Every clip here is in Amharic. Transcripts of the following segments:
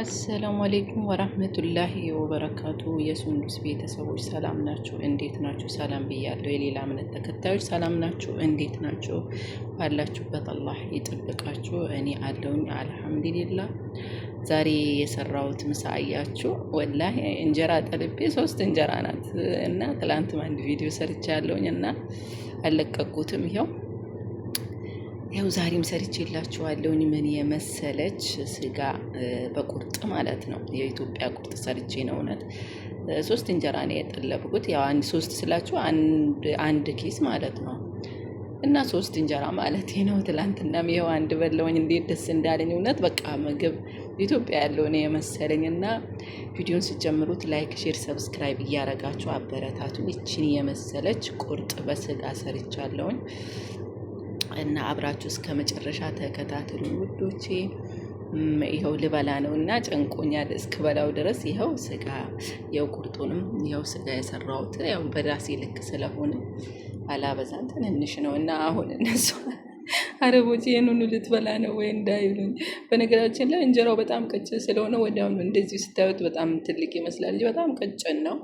አሰላሙ አሌይኩም ወራህመቱላሂ ወበረካቱ። የሱንዱስ ቤተሰቦች ሰላም ናችሁ? እንዴት ናችሁ? ሰላም ብያለሁ። የሌላ እምነት ተከታዮች ሰላም ናችሁ? እንዴት ናችሁ? ባላችሁበት አላህ ይጠብቃችሁ። እኔ አለሁኝ አልሐምዱሊላ። ዛሬ የሰራሁት ምሳ አያችሁ። ወላሂ እንጀራ ጠልቤ ሶስት እንጀራ ናት እና ትላንትም አንድ ቪዲዮ ሰርቻ ሰርቻለሁኝ እና አልለቀኩትም ይኸው ያው ዛሬም ሰርች የላችኋለሁኝ ምን የመሰለች ስጋ በቁርጥ ማለት ነው። የኢትዮጵያ ቁርጥ ሰርቼ ነው እውነት ሶስት እንጀራ ነው የጠለብኩት። ያው አንድ ሶስት ስላችሁ አንድ ኪስ ማለት ነው እና ሶስት እንጀራ ማለት ነው። ትላንትናም ይኸው አንድ በለውኝ እንዴት ደስ እንዳለኝ እውነት በቃ ምግብ ኢትዮጵያ ያለው የመሰለኝ። እና ቪዲዮን ስጀምሩት ላይክ፣ ሼር፣ ሰብስክራይብ እያረጋችሁ አበረታቱን። ይችን የመሰለች ቁርጥ በስጋ ሰርቻለሁኝ። እና አብራችሁ እስከ መጨረሻ ተከታተሉ ውዶቼ። ይኸው ልበላ ነው እና ጨንቆኛል። እስክበላው ድረስ ይኸው ስጋ ያው ቁርጡንም ይኸው ስጋ የሰራሁት ያው በራሴ ልክ ስለሆነ አላበዛም፣ ትንንሽ ነው እና አሁን እነሱ አረቦች ይህን ልትበላ ነው ወይ እንዳይሉኝ። በነገራችን ላይ እንጀራው በጣም ቀጭን ስለሆነ ወዲያውኑ እንደዚህ ስታዩት በጣም ትልቅ ይመስላል። በጣም ቀጭን ነው።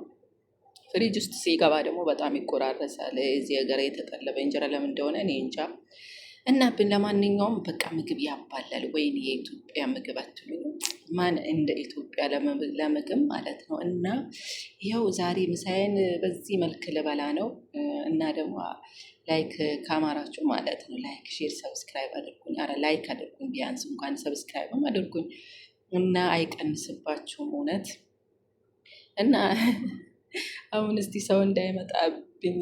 ፍሪጅ ውስጥ ሲገባ ደግሞ በጣም ይቆራረሳል። እዚህ ሀገር የተጠለበ እንጀራ ለምን እንደሆነ እኔ እንጃ። እና ብን ለማንኛውም በቃ ምግብ ያባላል። ወይን የኢትዮጵያ ምግብ አትሉ ማን እንደ ኢትዮጵያ ለምግብ ማለት ነው። እና ይኸው ዛሬ ምሳዬን በዚህ መልክ ልበላ ነው። እና ደግሞ ላይክ ካማራችሁ ማለት ነው ላይክ፣ ሼር፣ ሰብስክራይብ አድርጉኝ። አረ ላይክ አድርጉኝ ቢያንስ እንኳን ሰብስክራይብም አድርጉኝ እና አይቀንስባችሁም እውነት እና አሁን እስቲ ሰው እንዳይመጣብኝ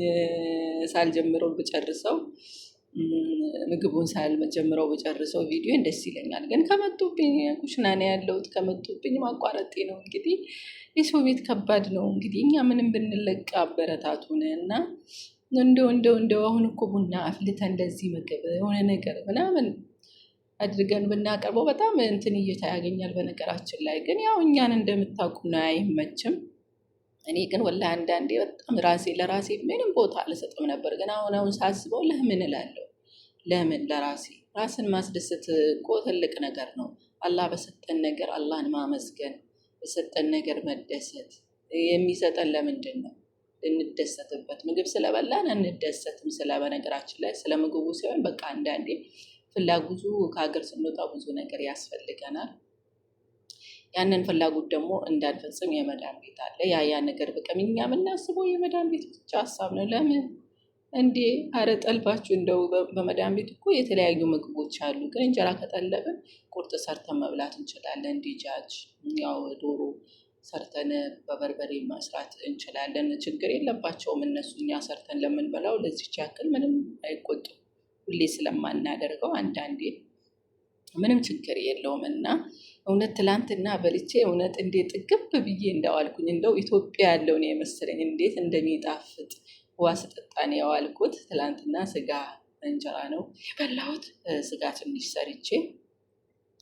ሳልጀምረው ብጨርሰው ምግቡን ሳልጀምረው ብጨርሰው ቪዲዮ ደስ ይለኛል። ግን ከመጡብኝ ኩሽና ነው ያለሁት። ከመጡብኝ ማቋረጤ ነው። እንግዲህ የሰው ቤት ከባድ ነው። እንግዲህ እኛ ምንም ብንለቅ አበረታቱን እና እንደው እንደው እንደው አሁን እኮ ቡና አፍልተ እንደዚህ ምግብ የሆነ ነገር ምናምን አድርገን ብናቀርበው በጣም እንትን እይታ ያገኛል። በነገራችን ላይ ግን ያው እኛን እንደምታውቁና አይመችም። እኔ ግን ወላ አንዳንዴ በጣም ራሴ ለራሴ ምንም ቦታ አልሰጥም ነበር። ግን አሁን አሁን ሳስበው ለምን እላለሁ። ለምን ለራሴ ራስን ማስደሰት እኮ ትልቅ ነገር ነው። አላህ በሰጠን ነገር አላህን ማመስገን፣ በሰጠን ነገር መደሰት። የሚሰጠን ለምንድን ነው? ልንደሰትበት። ምግብ ስለበላን እንደሰትም ስለ በነገራችን ላይ ስለ ምግቡ ሲሆን በቃ አንዳንዴ ፍላጎቱ ከሀገር ስንወጣ ብዙ ነገር ያስፈልገናል። ያንን ፍላጎት ደግሞ እንዳንፈጽም የመዳን ቤት አለ። ያ ያ ነገር በቀም እኛ የምናስበው የመዳን ቤት ብቻ ሀሳብ ነው። ለምን እንዴ አረ ጠልባችሁ እንደው በመዳን ቤት እኮ የተለያዩ ምግቦች አሉ። ግን እንጀራ ከጠለብን ቁርጥ ሰርተን መብላት እንችላለን። እንዲጃጅ ያው ዶሮ ሰርተን በበርበሬ መስራት እንችላለን። ችግር የለባቸውም እነሱ። እኛ ሰርተን ለምንበላው ለዚች ያክል ምንም አይቆጡም። ሁሌ ስለማናደርገው አንዳንዴ ምንም ችግር የለውም እና እውነት ትላንትና በልቼ እውነት እንዴት ጥግብ ብዬ እንደዋልኩኝ እንደው ኢትዮጵያ ያለውን የመሰለኝ እንዴት እንደሚጣፍጥ ውሃ ስጠጣን የዋልኩት። ትላንትና ስጋ እንጀራ ነው የበላሁት። ስጋ ትንሽ ሰርቼ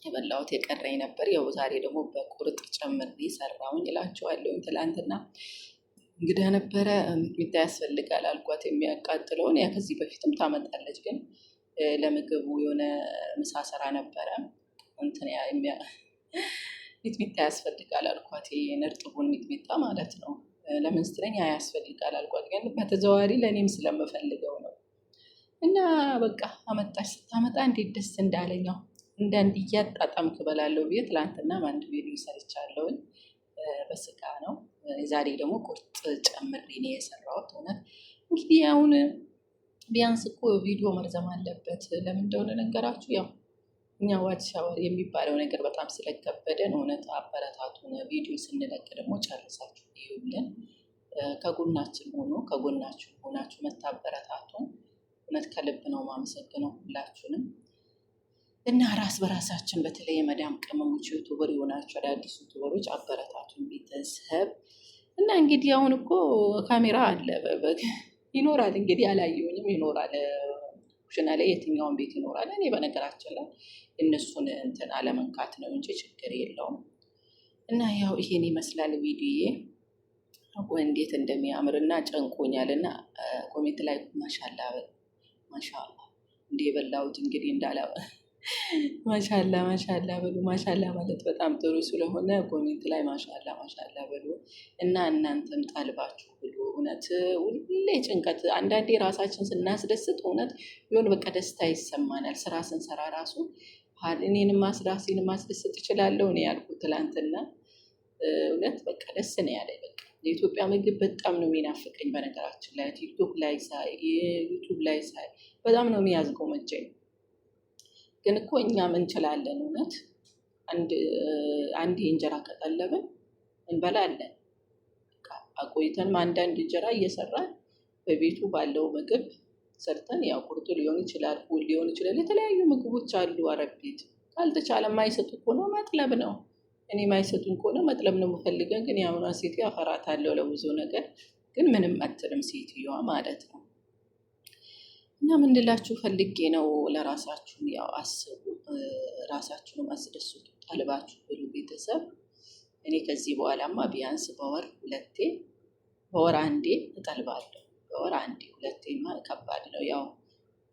የበላሁት የቀረኝ ነበር። ያው ዛሬ ደግሞ በቁርጥ ጨምሬ ሰራውን ይላቸዋለሁኝ። ትላንትና እንግዳ ነበረ። ሚጥሚጣ ያስፈልጋል አልኳት፣ የሚያቃጥለውን ያ ከዚህ በፊትም ታመጣለች፣ ግን ለምግቡ የሆነ ምሳ ሰራ ነበረ እንትን ሚጥሚጣ ያስፈልጋል አልኳት። እርጥቡን ሚጥሚጣ ማለት ነው። ለምን ስትለኝ ያስፈልጋል አልኳት። ግን በተዘዋዋሪ ለእኔም ስለምፈልገው ነው። እና በቃ አመጣች። ስታመጣ እንዴት ደስ እንዳለኛው እንዳንድ እያጣጣምክ እበላለሁ ብዬ ትላንትና አንድ ቪዲዮ ሰርቻለሁኝ። በስጋ ነው። ዛሬ ደግሞ ቁርጥ ጨምሬ ነው የሰራሁት። እውነት እንግዲህ አሁን ቢያንስ እኮ ቪዲዮ መርዘም አለበት። ለምን እንደሆነ ነገራችሁ ያው እኛ ዋት ሻወር የሚባለው ነገር በጣም ስለከበደን እውነት አበረታቱ ቪዲዮ ስንለቅ ደግሞ ጨርሳችሁ ይዩልን። ከጎናችን ሆኖ ከጎናችሁ ሆናችሁ መታበረታቱ እውነት ከልብ ነው ማመሰግነው ሁላችሁንም እና ራስ በራሳችን በተለይ የመዳም ቅመሞች ዩቱበር የሆናቸው አዳዲስ ዩቱበሮች አበረታቱን ቤተሰብ እና እንግዲህ አሁን እኮ ካሜራ አለ ይኖራል እንግዲህ አላየውኝም ይኖራል ኩሽና ላይ የትኛውን ቤት ይኖራል? እኔ በነገራችን ላይ እነሱን እንትን አለመንካት ነው እንጂ ችግር የለውም። እና ያው ይሄን ይመስላል ቪዲዮዬ እንዴት እንደሚያምር እና ጨንቆኛል እና ኮሜንት ላይ ማሻላ ማሻላ እንደ የበላሁት እንግዲህ እንዳለ ማሻላ ማሻላ በሉ። ማሻላ ማለት በጣም ጥሩ ስለሆነ ኮሜንት ላይ ማሻላ ማሻላ በሉ እና እናንተም ጣልባችሁ ብሉ። እውነት ሁሌ ጭንቀት። አንዳንዴ ራሳችን ስናስደስት እውነት የሆነ በቃ ደስታ ይሰማናል። ስራ ስንሰራ ራሱ እኔንማ ራሴን ማስደስት እችላለሁ ነው ያልኩት ትላንትና። እውነት በቃ ደስ ነው ያለኝ። በቃ የኢትዮጵያ ምግብ በጣም ነው የሚናፍቀኝ። በነገራችን ላይ ቲክቶክ ላይ ሳይ ዩቱብ ላይ ሳይ በጣም ነው የሚያዝጎመጀኝ። ግን እኮ እኛም እንችላለን እውነት አንድ እንጀራ ከጠለብን እንበላለን። አቆይተን አንዳንድ እንጀራ እየሰራን በቤቱ ባለው ምግብ ሰርተን ያው ቁርጡ ሊሆን ይችላል፣ ፉል ሊሆን ይችላል። የተለያዩ ምግቦች አሉ አረብ ቤት። ካልተቻለ ማይሰጡ ከሆነ መጥለብ ነው። እኔ ማይሰጡን ከሆነ መጥለብ ነው የምፈልገን። ግን የአሁኗ ሴትዮ አለው ለብዙ ነገር፣ ግን ምንም አትልም ሴትዮዋ ማለት ነው። እና ምን ልላችሁ ፈልጌ ነው ለራሳችሁን ያው አስቡ፣ ራሳችሁን አስደስቱ፣ ጠልባችሁ ብሉ ቤተሰብ እኔ ከዚህ በኋላማ ቢያንስ በወር ሁለቴ በወር አንዴ እጠልባለሁ። በወር አንዴ ሁለቴማ ከባድ ነው። ያው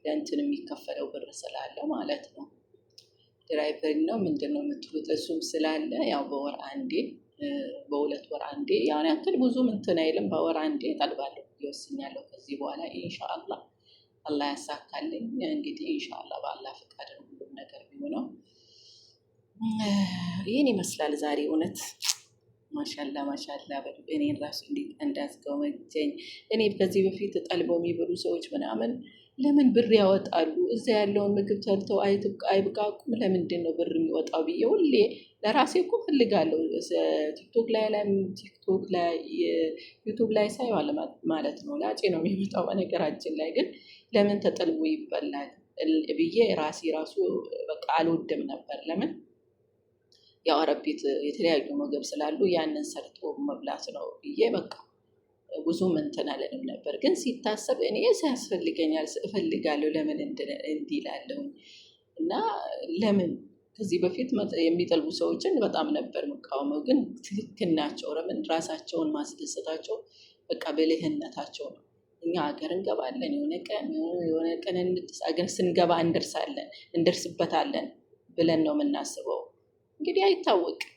ለእንትን የሚከፈለው ብር ስላለ ማለት ነው። ድራይቨሪ ነው ምንድን ነው የምትሉት? እሱም ስላለ ያው በወር አንዴ በሁለት ወር አንዴ ያን ያክል ብዙም እንትን አይልም። በወር አንዴ እጠልባለሁ ይወስኛለሁ። ከዚህ በኋላ ኢንሻአላህ አላህ ያሳካልኝ። እንግዲህ ኢንሻአላህ በአላህ ፈቃድ ሁሉም ነገር ቢሆነው ይህን ይመስላል ዛሬ እውነት ማሻላ ማሻላ። እኔን ራሱ እንዴት እንዳስገመጀኝ እኔ ከዚህ በፊት ጠልበው የሚበሉ ሰዎች ምናምን ለምን ብር ያወጣሉ? እዛ ያለውን ምግብ ተልተው አይብቃቁም? ለምንድን ነው ብር የሚወጣው ብዬ ሁሌ ለራሴ እኮ ፈልጋለሁ። ቲክቶክ ላይ ላይ ቲክቶክ ላይ ዩቱብ ላይ ሳይ ማለት ነው ላጭ ነው የሚመጣው። በነገራችን ላይ ግን ለምን ተጠልቦ ይበላል ብዬ ራሴ ራሱ በቃ አልወድም ነበር ለምን ያው የተለያዩ ምግብ ስላሉ ያንን ሰርቶ መብላት ነው ብዬ በቃ ብዙም እንትን አለንም ነበር። ግን ሲታሰብ እኔ ሲያስፈልገኛል እፈልጋለሁ ለምን እንዲላለሁ እና ለምን ከዚህ በፊት የሚጠልቡ ሰዎችን በጣም ነበር መቃወመው። ግን ትክክል ናቸው። ለምን ራሳቸውን ማስደሰታቸው በቃ ብልህነታቸው ነው። እኛ ሀገር እንገባለን የሆነ ቀን የሆነ ቀን ስንገባ እንደርሳለን እንደርስበታለን ብለን ነው የምናስበው። እንግዲህ አይታወቅም።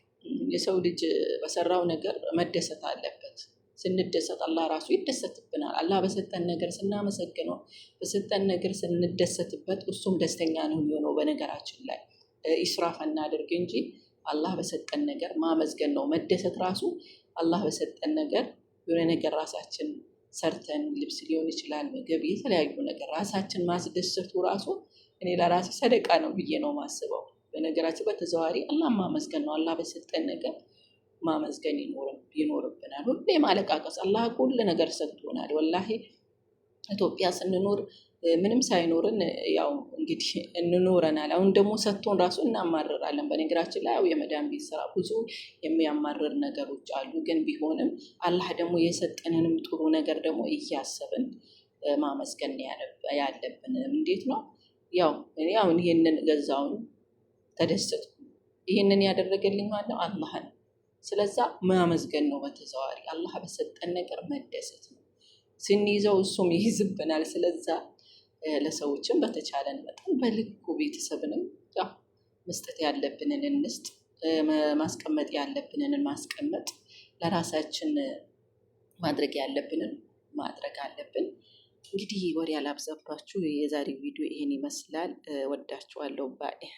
የሰው ልጅ በሰራው ነገር መደሰት አለበት። ስንደሰት አላህ ራሱ ይደሰትብናል። አላህ በሰጠን ነገር ስናመሰግነው፣ በሰጠን ነገር ስንደሰትበት እሱም ደስተኛ ነው የሚሆነው። በነገራችን ላይ ኢስራፍ እናደርግ እንጂ አላህ በሰጠን ነገር ማመዝገን ነው መደሰት ራሱ። አላህ በሰጠን ነገር የሆነ ነገር ራሳችን ሰርተን ልብስ ሊሆን ይችላል፣ ምግብ፣ የተለያዩ ነገር ራሳችን ማስደሰቱ ራሱ እኔ ለራሴ ሰደቃ ነው ብዬ ነው ማስበው። በነገራችን በተዘዋዋሪ አላህ ማመስገን ነው። አላህ በሰጠን ነገር ማመስገን ይኖርብናል። ሁሌ ማለቃቀስ። አላህ ሁሉ ነገር ሰጥቶናል። ወላሂ ኢትዮጵያ ስንኖር ምንም ሳይኖርን ያው እንግዲህ እንኖረናል። አሁን ደግሞ ሰጥቶን ራሱ እናማርራለን። በነገራችን ላይ ያው የመዳን ቤት ስራ ብዙ የሚያማርር ነገሮች አሉ። ግን ቢሆንም አላህ ደግሞ የሰጠንንም ጥሩ ነገር ደግሞ እያሰብን ማመስገን ያለብን እንዴት ነው ያው ያው ይሄንን ገዛውን ተደሰቱ። ይህንን ያደረገልኝ ማነው? አላህ ነው። ስለዛ ማመዝገን ነው በተዘዋዋሪ አላህ በሰጠን ነገር መደሰት ነው። ስንይዘው እሱም ይይዝብናል። ስለዛ ለሰዎችም በተቻለን መጠን በልኩ ቤተሰብንም መስጠት ያለብንን እንስጥ፣ ማስቀመጥ ያለብንን ማስቀመጥ፣ ለራሳችን ማድረግ ያለብንን ማድረግ አለብን። እንግዲህ ወሬ አላብዛባችሁ። የዛሬ ቪዲዮ ይሄን ይመስላል። ወዳችኋለሁ። ባይ